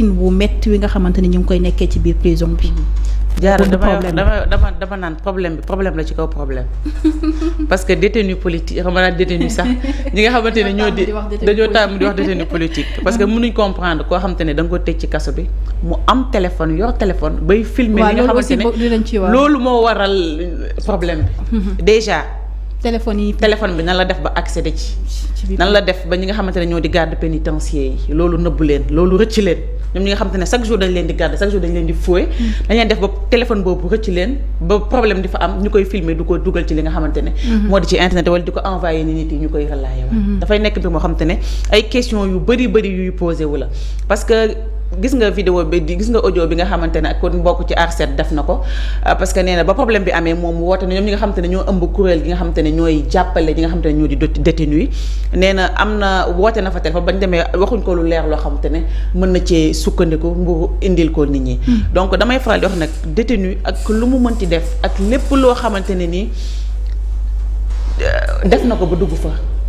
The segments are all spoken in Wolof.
nekkin wu metti wi nga xamante ni ñu koy nekkee ci biir prison bi. Mm-hmm. jaara dama dama dama naan problème bi problème la parce que détenu politique xam naa détenu sax ñi nga xamante ñoo di dañoo tàmm di wax détenu politique parce que mënuñ comprendre koo xamante ne ko tëj ci kaso bi mu am téléphone yor téléphone bay filmer loolu moo waral problème bi déjà téléphone yi téléphone bi nan la def ba accéder ci nan la def ba ñi nga xamante ñoo di garde pénitentiaire ñoom ñi nga xam te chaque jour dañ leen di garder chaque jour dañ leen di fouet mm. dañ leen def ba téléphone boobu rëcc leen ba problème di fa am ñu koy filmer du ko dugal ci li nga xamante mm-hmm. moo di ci internet wala di ko envoyé ni nit yi koy relayé wa mm-hmm. dafay nekk mbir moo xam ay question yu bëri bëri yuy posé la parce gis nga vidéo bi di gis nga ojo bi nga xamante ne ak kon mbokk ci ARSET def na ko euh, parce que nee ba problème bi amee moom woote na ñoom ñi nga ñoo ëmb kuréel gi nga xamante ne ñooy jàppale ñi nga xamante ne ñoo di détenu yi nee na am na woote na fa téléphone bañ demee waxuñ ko lu leer loo xamante ne mën na cee sukkandiku mbu indil ko nit ñi hmm. donc damay faral di wax nag détenu ak lu mu mënti def ak lépp loo xamante ne nii euh, def na ko ba dugg fa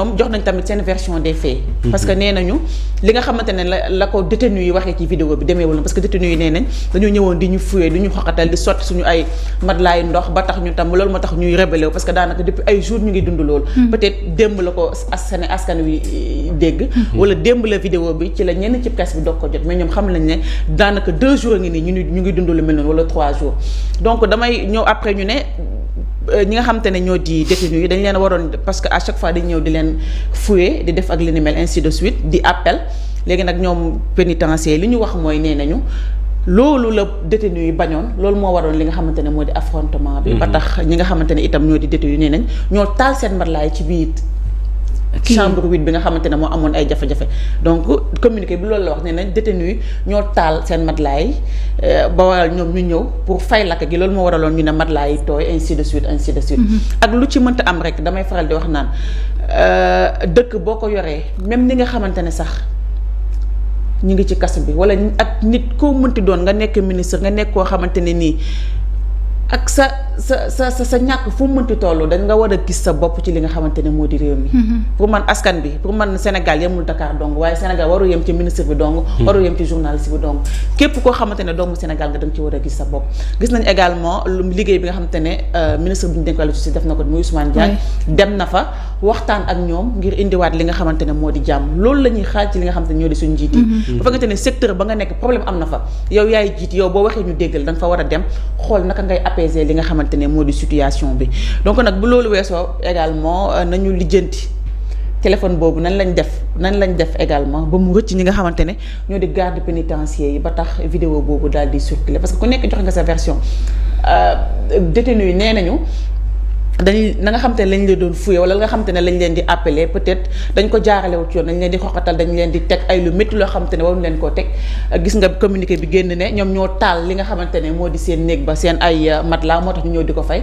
ñoom jox nañ tamit seen version des faits. parce que nee nañu li nga xamante ne la ko détenu yi waxee ci vidéo bi demeewul na parce que détenu yi nee nañ dañoo ñëwoon di ñu fuyee di ñu xoqatal di sotti suñu ay matlaayu ndox ba tax ñu tam loolu moo tax ñuy rébellé parce que daanaka depuis ay jours ñu ngi dund loolu. Hmm. peut démb la ko askan askan wi euh, dégg. Hmm. wala démb la vidéo bi ci la ñenn ci presse bi doog ko jot mais ñoom xam nañ ne daanaka deux jours ngi nii ñu Euh, ñi nga xamante ne ñoo di détenus yi dañ leen waroon parce que à chaque fois dañ ñëw di leen fouiller di def ak li ni mel ainsi de suite di appel léegi nag ñoom pénitencier li ñu wax mooy nee nañu loolu la détenu yi bañoon loolu moo waroon li nga xamante ne moo di affrontement bi mm-hmm. ba tax ñi nga xamante ne itam ñoo di yi nee nañ ñoo taal seen mbatlaay ci biir chambre huit bi nga xamante ne moo amoon ay jafe-jafe donc communiqué bi loolu la wax ne nañ détenu yi ñoo taal seen matelas yi euh, ba waral ñoom ñu ñëw pour fay lakk gi loolu moo waraloon ñu ne matelas laay tooy ainsi de suite ainsi de suite mm-hmm. ak lu ci mënta am rek damay faral di wax naan euh, dëkk boo ko yoree même ni nga xamante ne sax ñu ngi ci kaso bi wala ak nit koo mënti doon nga nekk ministre nga nekk koo xamante ne nii ak sa sa sa sa ñàkk fu mu mënti toll dañ nga war a gis sa bopp ci li nga xamante ne moo di réew mi. Mm-hmm. pour man askan bi pour man Sénégal yemul dakaar dong waaye Sénégal waru yem ci ministre bi dong. Mm-hmm. waru yem ci journaliste bi dong. képp koo xamante ne doomu Sénégal nga da nga ci war a gis sa bopp gis nañ également liggéey bi nga xamante ne euh, ministre bi ñu def na ko muy Ousmane Diagne. dem na fa waxtaan ak ñoom ngir indiwaat li nga xamante ne moo di jàmm loolu la ñuy xaaj ci li nga xamante ne ñoo di suñu njiit yi. Mm-hmm. bu fekkente ne secteur ba nga nekk problème am na fa yow yaay a dem xool naka ngay apaiser li nga xamante ne moo di situation bi donc nag bu loolu weesoo également euh, nañu lijjanti téléphone boobu nan lañ def nan lañ def également ba mu rëcc ñi nga xamante ne ñoo di garde pénitentiaire yi ba tax vidéo boobu daal di circuler parce que ku nekk joxe nga sa version euh, détenu yi nee nañu dañu na nga xam te ne lañ la doon fuye wala la nga xam te ne lañ leen di appelé peut-être dañ ko jaaralewut yoon dañ leen di xoqatal dañ leen di teg ay lu métti loo xam te ne waruñ leen koo teg gis nga bi génn ne ñoom ñoo taal li nga xamante ne moo di seen néeg ba seen ay euh, moo tax ñu di ko fay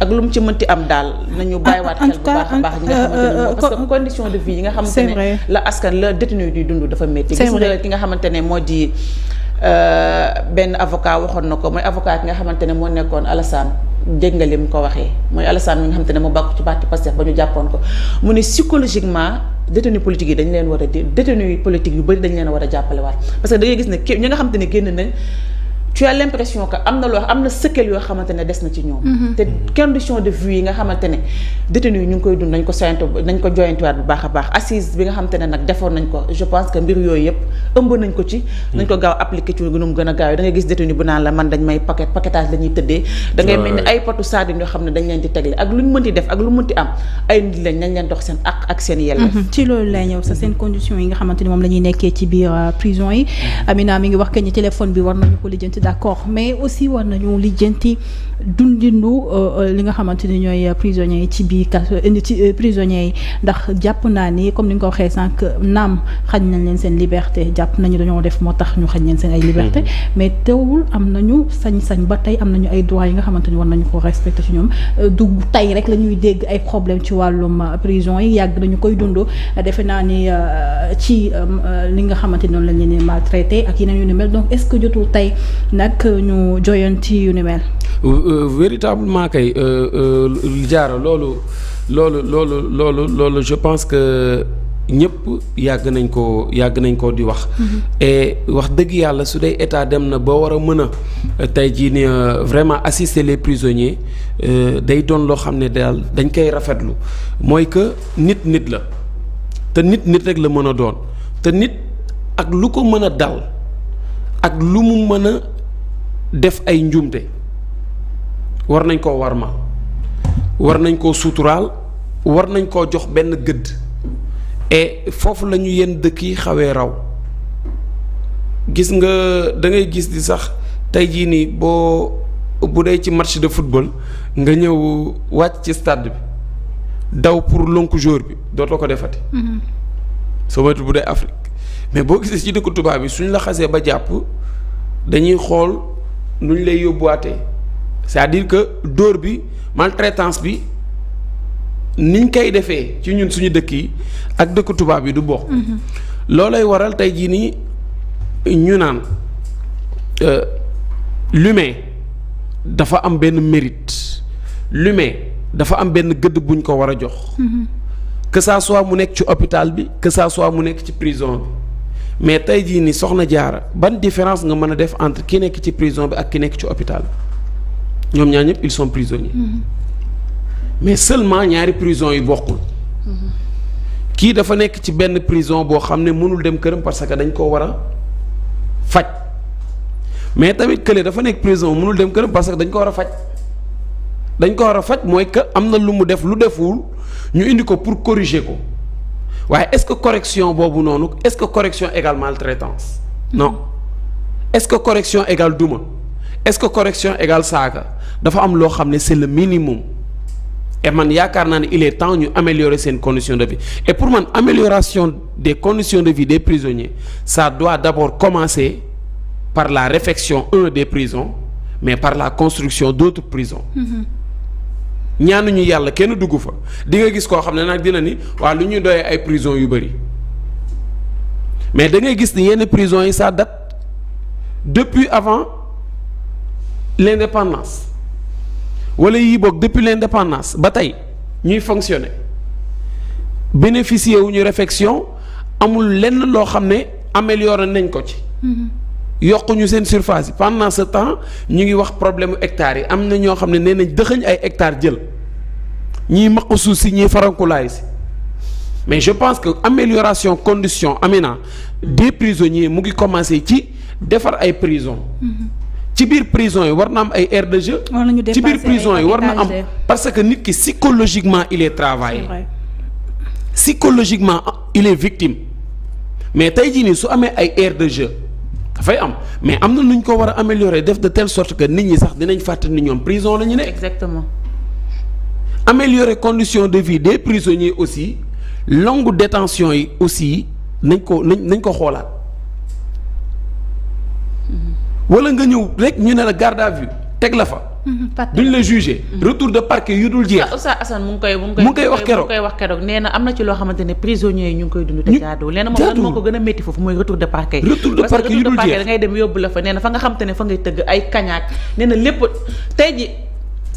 ak lu mu ci mënti am daal nañu ah, bàyyiwaat xel bu baax a baax ñi nga euh, xamante ne euh, parce condition de vie yi nga xamante ne la askan la détenu di dund dafa métti gis nga ki nga xamante ne moo di benn avocat waxoon na ko mooy avocat ki nga xamante ne moo nekkoon Alassane dégg nga li mu ko waxee mooy Alassane mi nga xam te ne mu bàkku ci parti Pastef ba ñu jàppoon ko mu ne psychologiquement détenu politique yi dañ leen war a détenu politique yu bëri dañ leen war a jàppalewaat parce que da ngay gis ne ñi nga xam te ne génn nañ tu as l'impression que am na loo am na sëkkal yoo xamante des na ci ñoom. Mhm. te condition de vue yi nga xamante ne détenu ñu ngi koy dund nañ ko soyante bu baax a baax assise bi nga xamante nag defoon nañ ko je mhm. da ak lu mënti def ak lu mënti am ay nit lañ nañ leen dox seen ak ak seen yelleef. Mhm. ci loolu lay ñëw sa seen condition yi nga xamante moom la nekkee ci biir euh, prison yi Amina mi ngi wax que ni bi war nañu ko lijjanti d'accord mais aussi war nañu lijjanti dundindu euh, euh, li nga xamante ni ñooy prisonniers yi ci biir indi euh, ci prisonniers yi ndax jàpp naa ni comme ni nga ko waxee sànq naam xañ nañ leen seen liberté jàpp nañu dañoo def moo tax ñu xañ seen ay liberté mm-hmm. mais teewul am nañu sañ-sañ ba tey am nañu ay droits yi nga xamante ni war nañu ko respecté ci ñoom du tey rek la ñuy dégg ay problème ci wàllum prison yi yàgg nañu koy dund defe naa ni ci li nga xamante ni noonu la ñu ne maltraité ak yeneen yu ni mel donc est-ce que jotul tey nag euh, ñu joyanti yu ni mel. Euh, euh, véritablement kay jaaro loolu loolu loolu loolu loolu je pense que ñëpp yàgg nañ ko yàgg nañ ko di wax. Mhm. et wax dëgg yàlla su dee état dem na ba war a mën a tey jii ni vraiment assister les prisonniers day doon loo xam ne daal dañ koy rafetlu mooy que nit nit la te nit nit rek la mën a doon te nit ak lu ko mën a dal ak lu mu mën def ay njuumte war nañ koo warma war nañ koo suturaal war nañ koo jox benn gëdd e foofu la ñu yenn dëkk yi xawee raw gis nga dangay gis di sax tey jii nii boo bu dee ci match de football nga ñëw wàcc ci stade bi daw pour lonk jour bi dootoo ko defati. Mm-hmm. soo moytu bu dee Afrique mais boo gisee tubaab bi suñ laxasee ba jàpp dañuy xool. nu ñu lay yóbbuwaate c'est-à-dire que dóor bi maltraitance bi niñ koy defee ci ñun suñu dëkk yi ak dëkku tubaab yi du bokk. Mm-hmm. loolay waral tey jii nii ñu naan euh, l'humain dafa am benn mérite l'humain dafa am benn gëdd buñ ko war a jox. Mm-hmm. que soit mu nekk ci hôpital bi que soit mu nekk ci prison bi. mais tey jii ni soxna jaara ban différence nga mën a def entre ki nekk ci prison bi ak ki nekk ci hôpital ñoom ñaar ñëpp son sont prisonniers mm-hmm. mais seulement ñaari prison yi bokkul mm-hmm. kii dafa nekk ci benn prison boo xam ne mënul dem këram parce que dañ ko war a faj mais tamit kële dafa nekk prison mënul dem këram parce que dañ ko war a faj dañ ko war a faj mooy que am na lu mu def lu deful ñu indi ko pour corriger ko waaye est-ce que correction boobu noonu est-ce que correction égale maltraitance non est-ce que correction égale duma est-ce que correction égale saaga dafa am loo xam ne c'est le minimum et man yaakaar naa ne il est temps ñu améliorer seen condition de vie et pour man amélioration des conditions de vie des prisonniers ça doit d'abord commencer par la réfection un des prisons mais par la construction d'autres prisons mm ñaanuñu yàlla kenn dugg fa di nga gis koo xam ne nag dina ni waa lu ñuy doyee ay prison yu bëri mais da ngay gis ni yenn prison yi sa date depuis avant l'indépendance wala yii boog depuis l'indépendance ba tey ñuy fonctionner bénéficier wu ñu réflexion amul lenn loo xam ne améliorer nañ ko ci mm-hmm. yokk ñu seen surface yi pendant ce temps ñu ngi wax problème hectares yi am na ñoo xam ne nee nañ dëxëñ ay hectares jël ñiy maq suuf si ñiy farankulaay si mais je pense que amélioration condition amena des prisonniers mu ngi commencé ci defar ay prison mm-hmm. ci biir prison yi war na am ay aire de jeu ci biir prison yi war na am parce que nit ki psychologiquement il est travaillé psychologiquement il est victime mais tey jii nii su amee ay aire de jeu dafay am mais am na lu ñu ko war a def de telle sort que nit ñi sax dinañ fàtte ni ñoom prison la ñu ne. exactement. améliorer condition de vie des prisonniers aussi longue détention yi aussi nañ ko nañ nañ ko xoolaat mhm. wala nga ñëw rek ñu ne la garde à vue teg la fa duñ la jugé. Mm-hmm. retour de parquet yu dul jeex. Oustaz Assane mu ngi koy mu ngi koy mu ngi koy wax keroog nee am na ci loo xamante ne prisonniers yi ñu ngi koy dund. te jaadu nee moom moo ko gën a métti foofu mooy retour de parquet. retour de parquet yu dul jeex parce dem yóbbu la fa nee fa nga xam fa ngay tëgg ay kañaak nee lépp tey ji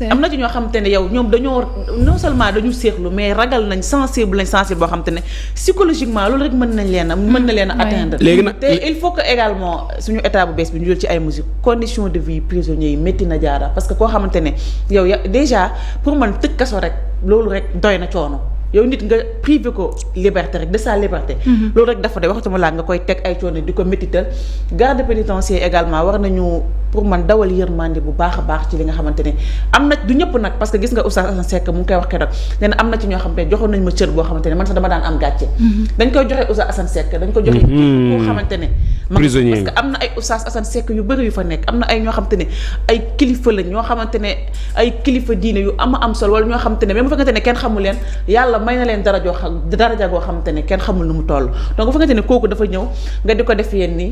am na ci ñoo xamante ne yow ñoom dañoo non seulement dañu seexlu mais ragal nañ sensible lañ sensible boo xamante ne psychologiquement loolu rek mën nañ leen a mën na leen a atteindre léegi nag te il faut que également suñu état bees bi ñu jël ci ay mesures condition de vie prisonniers yi métti na jaara parce que koo xamante ne yow ya déjà pour man tëj kaso rek loolu rek doy na coono yow nit nga privé ko liberté rek de sa liberté. Mhm. loolu rek dafa de waxtuma laa nga koy teg ay coono di ko métital garde pénitentiaire également war nañu pour man dawal yërmande bu baax a baax ci li nga xamante ne am na du ñëpp nag parce gis nga Oustaz Assane Seck mu ngi koy wax keroog nee na am na ci ñoo xamante ne joxoon nañ ma cër boo xamante ne man sax dama daan am gàcce. Mhm. dañ koy joxe Oustaz Assane Seck dañ ko joxe. Mhm. koo xamante ne. prisonnier parce que am na ay oustaz Assane Seck yu bëri yu fa nekk am na ay ñoo xamante ne ay kilifa lañ ñoo xamante ne ay kilifa diine yu ama am solo wala ñoo xamante ne même bu fekkente ne kenn xamu leen yàlla may na leen xam daraja goo xamante ne kenn xamul nu mu toll donc bu fekkente ne kooku dafa ñëw nga di ko def yéen nii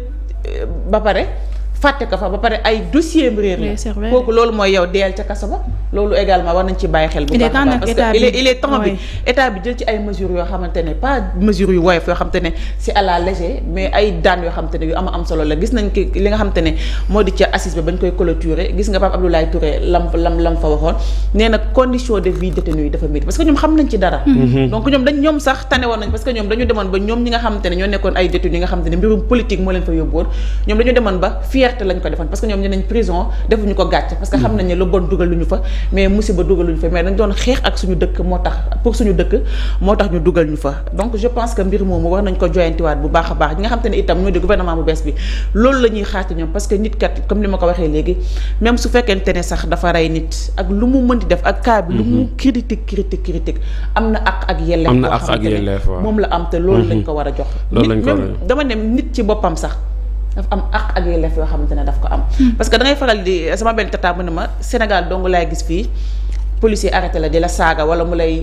ba pare fàtte ko fa ba pare ay dossier am la kooku loolu mooy yow deel ca kaso loolu également war nañ ci bàyyi xel bu baax a baax parce yu woyof yoo xamante ne c'est à la mais ay daan yoo xamante ne yu ama am solo la gis nañ ki li nga xamante ne moo di ca assise ba bañ koy clôturer gis nga Pape Abdoulaye Touré lam lam fa waxoon nee condition de vie détenu yi dafa métti parce que ñoom xam nañ ci dara mm-hmm. Mm-hmm. donc ñoom dañ ñoom sax tane woon nañ parce fierté lañ ko defoon parce que ñoom ñu nañ prison defuñu ko gàcce parce que xam nañ lu bon dugaluñu fa mais musiba dugaluñu fa mais dañ doon xeex ak suñu dëkk moo tax pour suñu dëkk moo tax ñu dugal ñu fa donc je mbir a baax ñi nga xam te ne itam su fekkente ne sax dafa rey nit ak lu mu mënti def ak cas bi lu mu mhm. critique critique critique am na ak ak yelleef am na ak ak yelleef moom la am te loolu lañ mhm. ko war a jox nit même dama ne nit ci boppam sax dafa am àq ak yelleef yoo xamante ne daf ko am. Hmm. parce que da faral di sama benn tata mu ne ma Sénégal dong laay gis fii policier arrêté la di la saaga wala mu lay.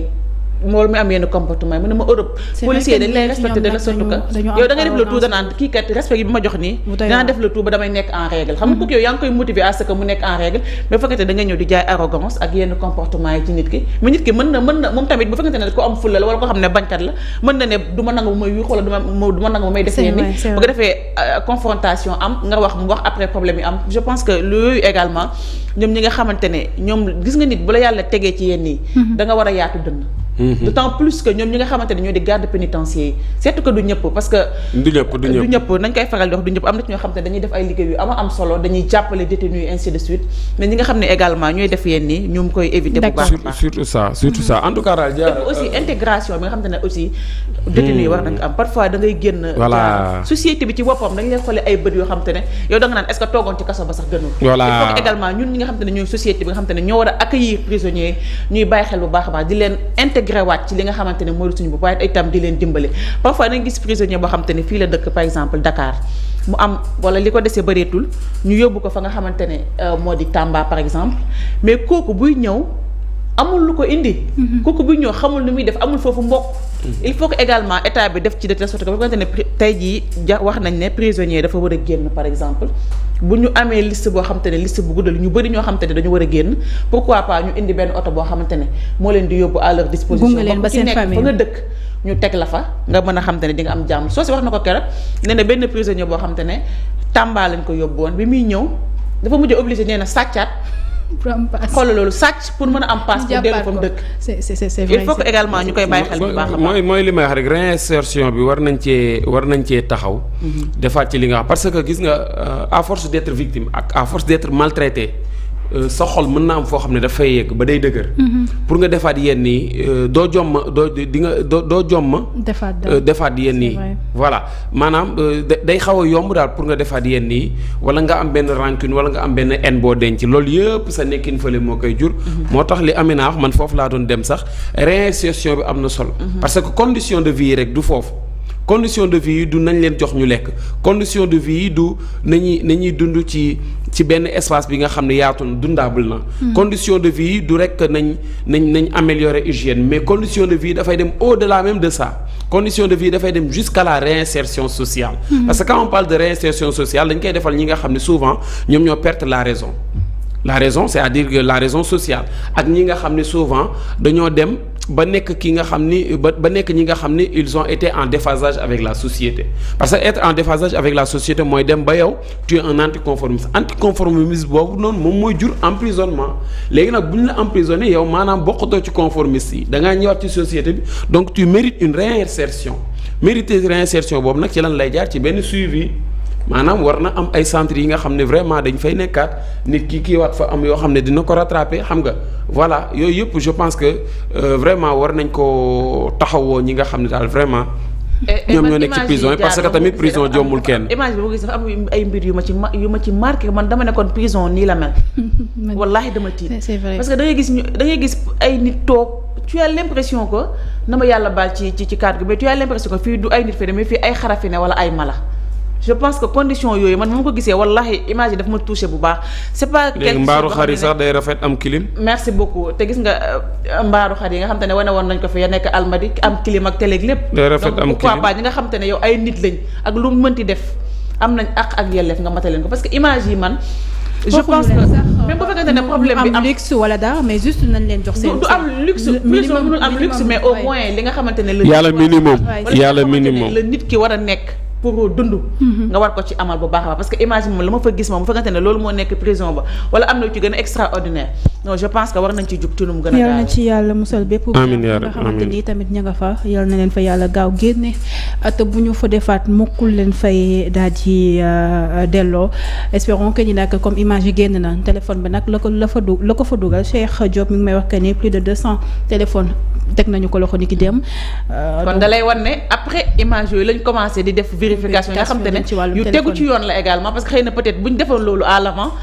mool mi am yenn comportement mu ne ma Europe policier dañ lay respecté de la sorte que kii kat respect bi ma jox nii dinaa def le tout ba damay nekk en règle xam nga mm-hmm. kooku ne ko am fulla la wala ko xam ne bañkat la mën na ne du ma nangu may yuux wala du ma du may def nii bu ko defee euh, confrontation am nga wax mu wax après problème yi am je pense que loolu également ñoom ñi nga xamante ne ñoom gis nga nit bu la yàlla tegee ci yenn yi mm-hmm. war a Mm-hmm. d'autant plus que ñoom ñi nga xamante ne ñoo di garde pénitencier yi surtout que du ñëpp parce que du ñëpp du ñëpp nañ koy faral di wax du ñëpp am na ci def yenn ñu ngi koy éviter bu baax euh, nañ ko am parfois bi ci boppam dañ lay xoolee ay bët yoo xam ne yow da naan est-ce ci kaso ba sax gënul voilà également ñun ñi nga xam ne ñooy société bi nga xam ne ñoo war a accueillir prisonniers ñuy bàyyi xel bu baax baax di leen intégré waat ci li nga xamante ne mooy suñu bopp waaye itam di leen dimbale parfois nañ gis prisonnier boo xamante ne fii la dëkk par exemple Dakar mu am wala li ko desee bareetul ñu yóbbu ko fa nga xamante ne euh, moo di Tamba par exemple mais kooku buy ñëw amul lu ko indi. Mm-hmm. kooku buy ñëw xamul nu muy def amul foofu mbokk. il faut que également état bi def ci de telle sorte que bu fekkente ne tey jii ja ne prisonnier dafa war a génn par exemple bu ñu amee liste boo xamante list liste bu guddal ñu bëri ñoo xamante ne dañu war a génn pourquoi pas ñu indi benn oto boo xamante ne moo leen di yóbbu à leur disposition gunge leen ba seen famille fa nga dëkk ñu teg la fa nga mën a xamante ne di am jàmm soo si wax na ko keroog nee na benn prisonnier boo xamante ne Tamba lañ ko yóbbu woon bi muy ñëw dafa mujj obligé nee na sàccaat pour am paas xoolal loolu sàcc pour mën a am paas. pour dellu mu dëkk il faut que également ñu koy bàyyi xel bu baax a baax. mooy mooy li may wax rek réinsertion bi war nañ cee war nañ cee taxaw. Mhm. defaat ci li nga xam parce que gis nga euh, à force d'être victime ak à force d'être maltraité. Euh, sa xol mën naa am foo xam ne dafay yegg ba day dëgër. Mhm. pour nga defaat yenn yi euh, doo jomma doo di nga doo doo jomma. defaat euh, defaat yenn yi voilà maanaam day xaw a yomb daal pour nga defaat yenn yi wala nga am benn rancune wala nga am benn haine boo denc loolu yëpp sa nekkin fële moo koy jur. Mhm. moo tax li Amina man foofu laa doon dem sax réinsertion bi am na solo. Mhm. parce que condition de vie rek du foofu. condition de vie yi du nañ leen jox ñu lekk condition de vie yi du nañuy nañuy dund ci ci benn espace bi nga xam ne yaatu na dundable na hmm. condition de vie yi du rek nañ nañ nañ améliorer hygiène mais condition de vie dafay dem au la même de ça condition de vie dafay dem jusqu'à la réinsertion sociale hmm. parce que quand on parle de réinsertion sociale dañ koy defal ñi nga xam ne souvent ñoom ñoo perte la raison la raison c'est-à-dire que la raison sociale ak ñi nga xam ne souvent dañoo dem ba nekk ki nga xam ni ba ba nekk ñi nga xam ni ils on été en déphasage avec la société parce que être en déphasage avec la société mooy dem ba yow tu es un anticonformiste anticonformiste boobu noonu moom mooy jur emprisonnement léegi nag bu ñu la emprisonné yow maanaam bokkutoo ci conformiste yi da ngaa ñëwaat ci société bi donc tu mérites une réinsertion mérite réinsertion boobu nag ci lan lay jaar ci benn suivi. maanaam war na am ay centres yi nga xam ne vraiment dañ fay nekkaat nit ki kii waat fa am yoo xam ne dina ko rattraper xam nga voilà yooyu yëpp je pense que euh, vraiment war nañ ko taxawoo ñi nga xam ne daal vraiment. Eh, eh, ñoom ñoo nekk ci prison yi parce que tamit prison jombul kenn. ay mbir yu ma ci ma ma ci marqué man dama nekkoon prison nii la mel. wallaahi dama tiit. c'est vrai parce que da ngay gis ñu dangay gis ay nit toog tu as l'impression que na ma yàlla baal ci ci ci cadre gi mais tu as l'impression que fii du ay nit fi demee fii wala ay mala. je pense que condition yooyu man moom ko gisee wallahi image yi daf ma touché bu baax c'est pas léegi mbaaru xar yi sax day rafet am clim merci beaucoup te gis nga euh, mbaaru xar yi nga xam te ne wane woon nañ ko fi a nekk almadi am clim ak télé lépp day rafet am clim donc pourquoi ne yow ay nit lañ ak lu mu mënti def am nañ ak ak yelleef nga mataleen ko parce que image yi man je pense que euh, même bu fekkente ne problème bi am luxe wala dara mais juste nañ leen jox seen. du am luxe am luxe mais au moins li nga xamante ne la. yàlla minimum yàlla minimum la nit ki war a nekk. pour dund. Mhm. nga war ko ci amal bu baax a baax parce que image moom la ma fa gis moom bu fekkante ne loolu moo nekk prison ba wala am na ci gën a extraordinaire. non je pense que war nañ ci jug ci lu mu gën a yal na ci yàlla musal bépp amiin yaa nga xamante ni tamit ña nga fa yal na leen fa yàlla gaaw génne te bu ñu fa defaat mokkul leen fay daal di euh, delloo espérons que ni nag comme image yi génn na téléphone bi nag la ko la fa du la ko fa dugal Cheikh Diop mi ngi may wax que ni plus de deux cent téléphones teg nañu ko loxo ni ki dem euh, kon da lay wan ne après image yooyu lañ commencé di def vérification nga xam te ne yu tegu ci yoon la également parce que xëy na peut-être bu loolu à